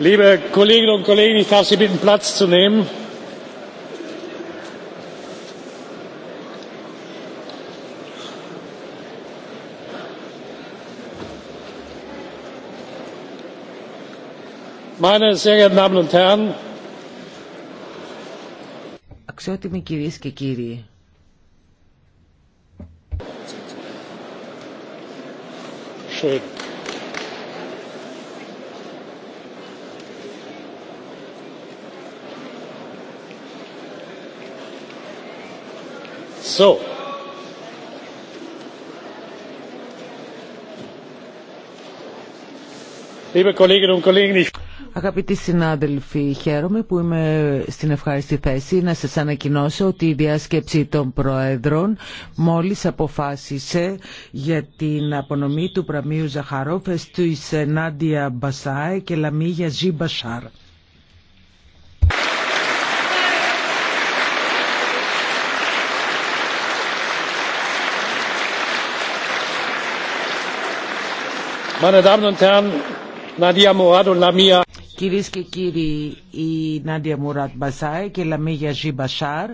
Liebe Kolleginnen und Kollegen, ich darf Sie bitten, Platz zu nehmen. Meine sehr geehrten Damen und Herren, Αξιότιμοι κυρίες και κύριοι, Schön. So. Αγαπητοί συνάδελφοι, χαίρομαι που είμαι στην ευχάριστη θέση να σας ανακοινώσω ότι η διάσκεψη των Προέδρων μόλις αποφάσισε για την απονομή του πραμίου Ζαχαρόφ του Νάντια Μπασάε και Λαμίγια Ζιμπασάρ. Κυρίες και κύριοι, η Νάντια Μουράτ Μπασάη και η Λαμίγια Ζιμπασάρ. Μπασάρ